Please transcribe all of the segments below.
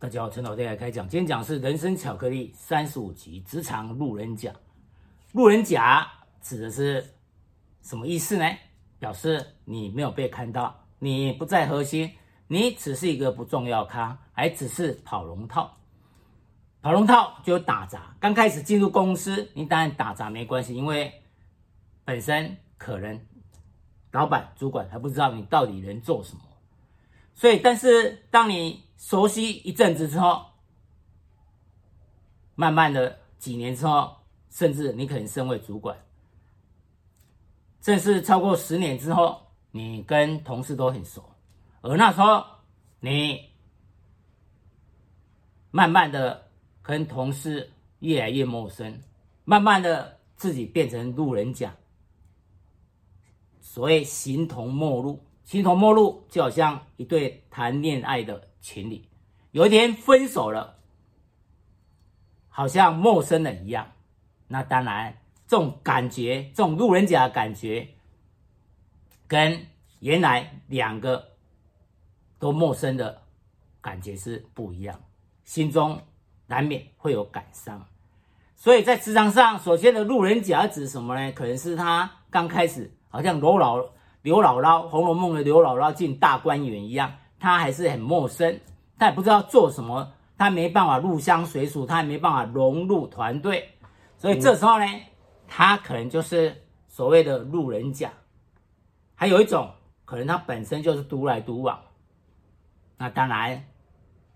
大家好，陳導再來開講。今天講是人生巧克力三十五集，職場路人甲。路人甲指的是什麼意思呢？表示你沒有被看到，你不在核心，你只是一個不重要咖，還只是跑龍套。跑龍套就打雜。剛開始進入公司，你當然打雜沒關係，因為本身可能老闆、主管還不知道你到底能做什麼。所以，但是當你熟悉一陣子之後，慢慢的幾年之後，甚至你可能升為主管，甚至超過十年之後，你跟同事都很熟，而那時候你慢慢的跟同事越來越陌生，慢慢的自己變成路人甲，所謂形同陌路。形同陌路，就好像一對談戀愛的情侶，有一天分手了，好像陌生人了一樣。那當然，這種感覺，這種路人甲的感覺，跟原來兩個都陌生的感覺是不一樣，心中難免會有感傷。所以在職場上，首先的路人甲指什麼呢？可能是他剛開始好像柔老了，劉姥姥《紅樓夢》的劉姥姥進大觀園一樣，她還是很陌生，她也不知道做什麼，她沒辦法入鄉隨俗，她也沒辦法融入團隊，所以這時候呢，她可能就是所謂的路人甲。還有一種可能，她本身就是獨來獨往。那當然，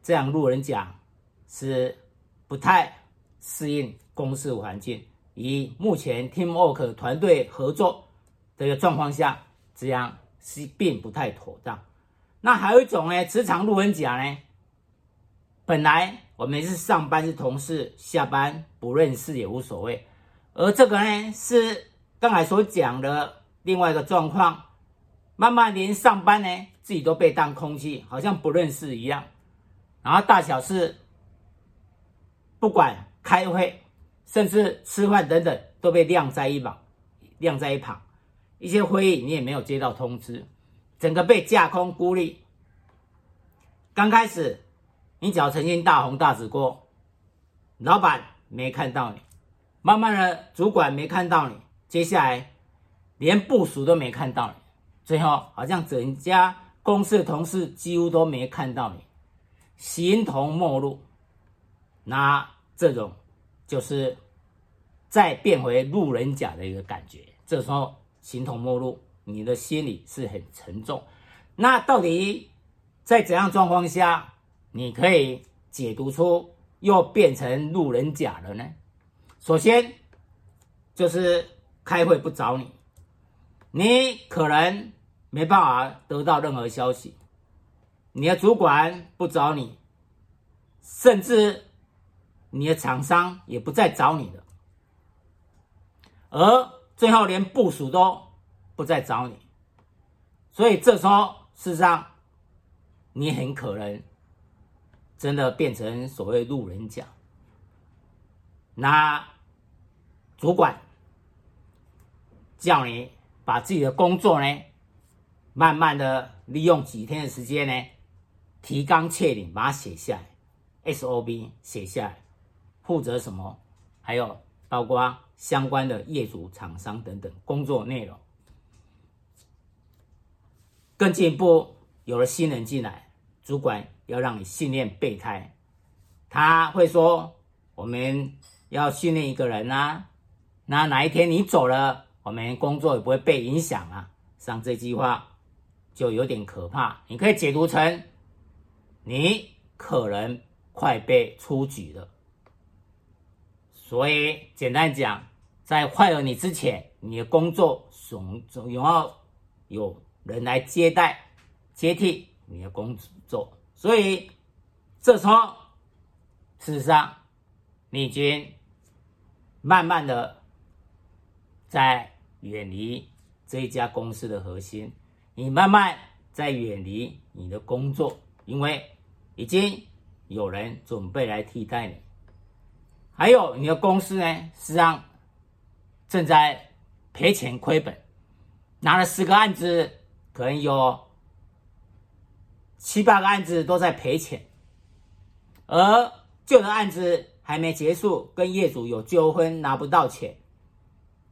這樣路人甲是不太適應公司環境。以目前 Teamwork 團隊合作的一個狀況下。這樣是並不太妥當。那還有一種呢，職場路人甲呢，本來我們是上班是同事，下班不認識也無所謂。而這個呢，是剛才所講的另外一個狀況。慢慢連上班呢，自己都被當空氣，好像不認識一樣。然後大小事，不管開會，甚至吃飯等等，都被晾在一旁，晾在一旁。一些會議你也沒有接到通知，整個被架空孤立。剛開始，你只要曾經大紅大紫過，老闆沒看到你，慢慢的，主管沒看到你，接下來，連部屬都沒看到你，最後，好像整家公司的同事幾乎都沒看到你，形同陌路。那這種就是再變回路人甲的一個感覺。這時候。形同陌路，你的心裡是很沉重。那到底在怎樣狀況下，你可以解讀出又變成路人甲了呢？首先就是開會不找你，你可能沒辦法得到任何消息。你的主管不找你，甚至你的廠商也不再找你了。而。最後連部屬，都不再找你，所以這時候事實上，你很可能真的變成所謂路人甲。那主管叫你把自己的工作呢，慢慢的利用幾天的時間呢，提綱挈領把它寫下來，S O B 寫下來，負責什麼，還有包括。相關的業主、廠商等等工作內容，更進一步有了新人進來，主管要讓你訓練備胎。他會說：“我們要訓練一個人啊，那哪一天你走了，我們工作也不會被影響啊。”像這句話就有點可怕，你可以解讀成你可能快被出局了。所以簡單講。在換了你之前，你的工作總總總要有人來接待、接替你的工作，所以這時候事實上你已經慢慢的在遠離這一家公司的核心，你慢慢在遠離你的工作，因為已經有人準備來替代你。還有你的公司呢，事實上。正在賠錢虧本，拿了十個案子，可能有七八個案子都在賠錢，而舊的案子還沒結束，跟業主有糾紛拿不到錢，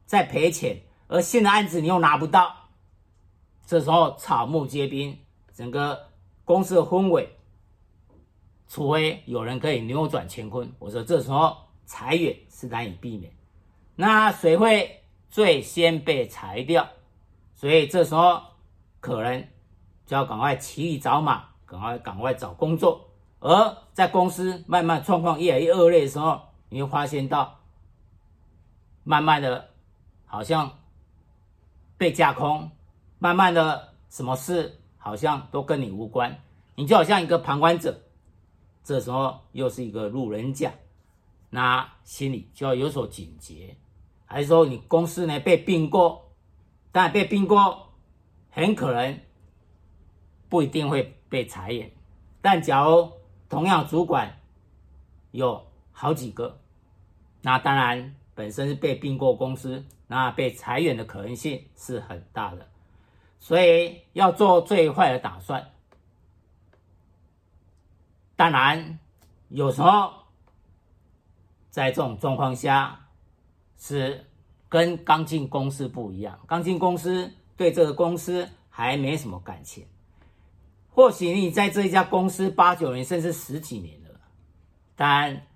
再賠錢，而新的案子你又拿不到，這時候草木皆兵，整個公司的氛圍，除非有人可以扭轉乾坤，我說這時候裁員是難以避免。那誰會最先被裁掉？所以這時候可能就要趕快騎驢找馬，趕快趕快找工作。而在公司慢慢狀況越來越惡劣的時候，你會發現到，慢慢的，好像被架空，慢慢的，什麼事好像都跟你無關，你就好像一個旁觀者，這時候又是一個路人甲。那心裡就要有所警覺，還是說你公司呢，被併購，但被併購，很可能不一定會被裁員。但假如同樣主管有好幾個，那當然本身是被併購公司，那被裁員的可能性是很大的。所以要做最壞的打算。當然，有時候。在這種狀況下，是跟剛進公司不一樣。剛進公司對這個公司還沒什麼感情，或許你在這一家公司八九年甚至十幾年了。但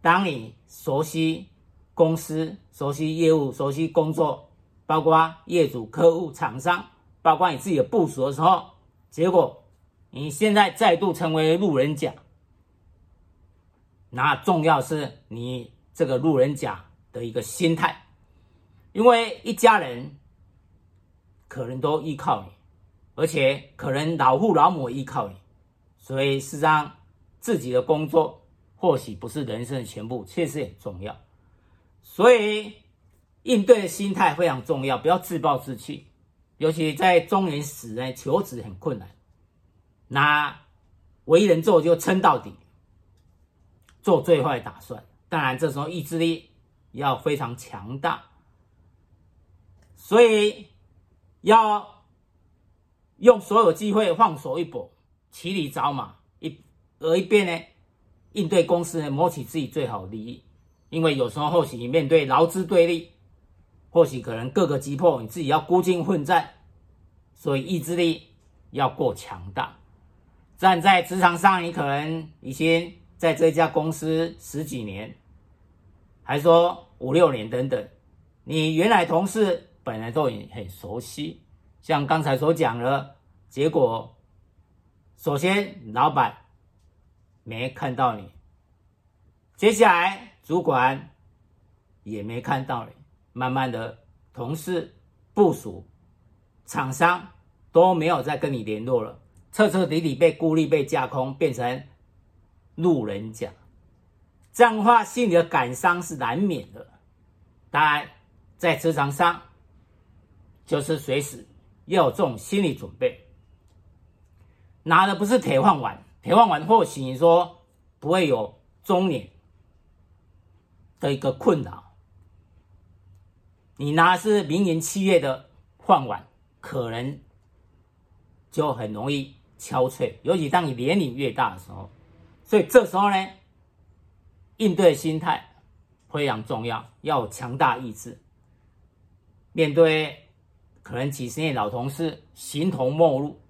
當你熟悉公司、熟悉業務、熟悉工作，包括業主、客戶、廠商，包括你自己的部屬的時候，結果你現在再度成為路人甲。那重要是你這個路人甲的一個心態，因為一家人可能都依靠你，而且可能老父老母依靠你，所以事實上自己的工作或許不是人生的全部，確實很重要。所以應對的心態非常重要，不要自暴自棄，尤其在中年時呢，求職很困難，那唯一能做就撐到底。做最壞打算，當然這時候意志力要非常強大，所以要用所有機會放手一搏，騎驢找馬，一而一邊呢應對公司呢謀取自己最好利益，因為有時候或許面對勞資對立，或許可能各個擊破，你自己要孤軍奮戰，所以意志力要過強大。站在職場上，你可能已經。在這家公司十幾年，還說五六年等等，你原來同事本來都已經很熟悉，像剛才所講的，結果首先老闆沒看到你，接下來主管也沒看到你，慢慢的同事、部屬、廠商都沒有再跟你聯絡了，徹徹底底被孤立、被架空，變成。路人甲，這樣的話，心裡的感傷是難免的。當然，在職場上，就是隨時要有這種心理準備。拿的不是鐵飯碗，鐵飯碗或許你說不會有中年的一個困擾。你拿的是明年七月的飯碗，可能就很容易憔悴，尤其當你年齡越大的時候。所以這時候呢，應對心態非常重要，要有強大意志。面對可能幾十年老同事形同陌路，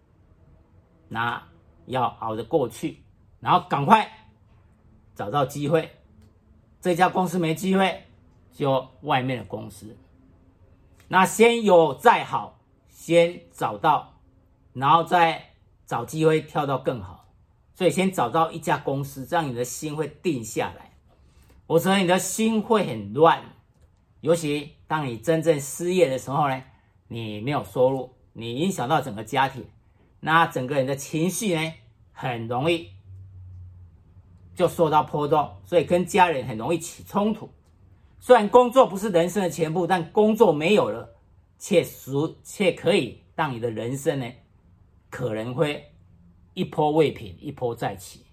那要熬得過去，然後趕快找到機會。這家公司沒機會，就外面的公司。那先有再好，先找到，然後再找機會跳到更好。所以，先找到一家公司，這樣你的心會定下來。我說你的心會很亂。尤其當你真正失業的時候呢，你沒有收入，你影響到整個家庭，那整個人的情緒呢，很容易就受到波動，所以跟家人很容易起衝突。雖然工作不是人生的全部，但工作沒有了，確實卻可以讓你的人生呢，可能會。一波未平，一波再起，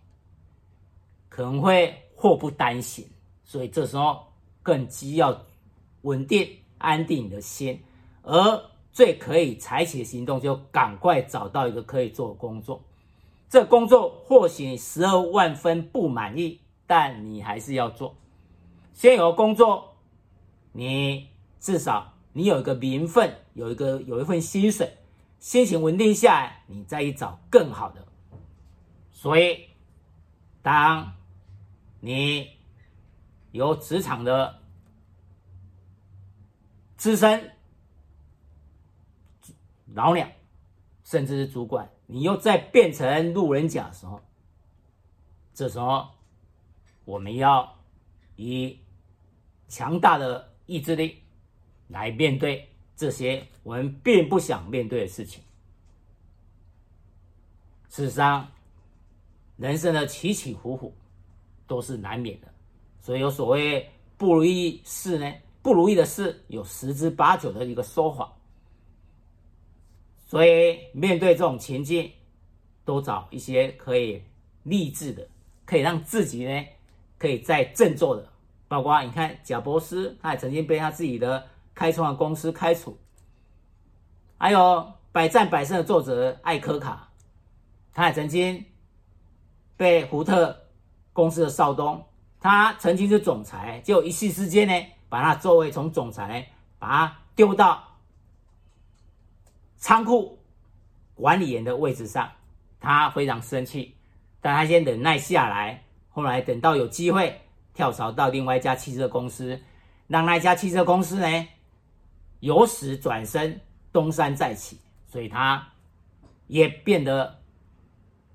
可能會禍不單行，所以這時候更急要穩定、安定你的心，而最可以採取的行動，就趕快找到一個可以做的工作。這個、工作或許你十二萬分不滿意，但你還是要做。先有工作，你至少你有一個名分，有一個有一份薪水，心情穩定下來，你再去找更好的。所以，當你由職場的資深老鳥，甚至是主管，你又再變成路人甲的時候，這時候我們要以強大的意志力來面對這些我們並不想面對的事情。事實上，人生的起起伏伏都是難免的，所以有所謂不如意事呢，不如意的事有十之八九的一個說法。所以面對這種情境，多找一些可以勵志的，可以讓自己呢可以再振作的，包括你看賈伯斯，他也曾經被他自己的開創的公司開除，還有百戰百勝的作者艾柯卡，他也曾經。被福特公司的少東，他曾經是總裁，就一夕之間呢，把他座位從總裁呢，把他丟到倉庫管理員的位置上，他非常生氣，但他先忍耐下來，後來等到有機會跳槽到另外一家汽車公司，讓那家汽車公司呢，由死轉身東山再起，所以他也變得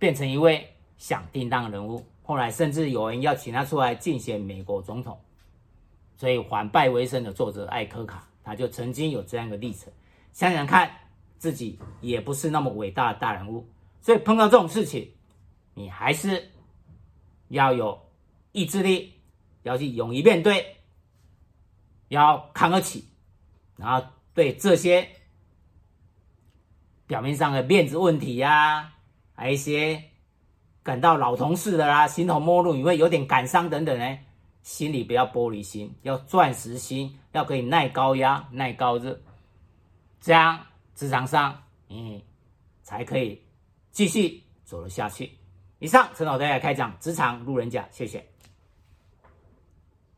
變成一位。想定當人物，後來甚至有人要請他出來競選美國總統，所以反敗為勝的作者艾柯卡，他就曾經有這樣一個歷程。想想看，自己也不是那麼偉大的大人物，所以碰到這種事情，你還是要有意志力，要去勇於面對，要扛得起，然後對這些表面上的面子問題呀、啊，還有一些。等到老同事的啦、啊，形同陌路，你會有點感傷等等呢、欸，心裡不要玻璃心，要鑽石心，要可以耐高壓、耐高熱，這樣職場上你、嗯、才可以繼續走得下去。以上陳老大家開講，職場路人甲，謝謝。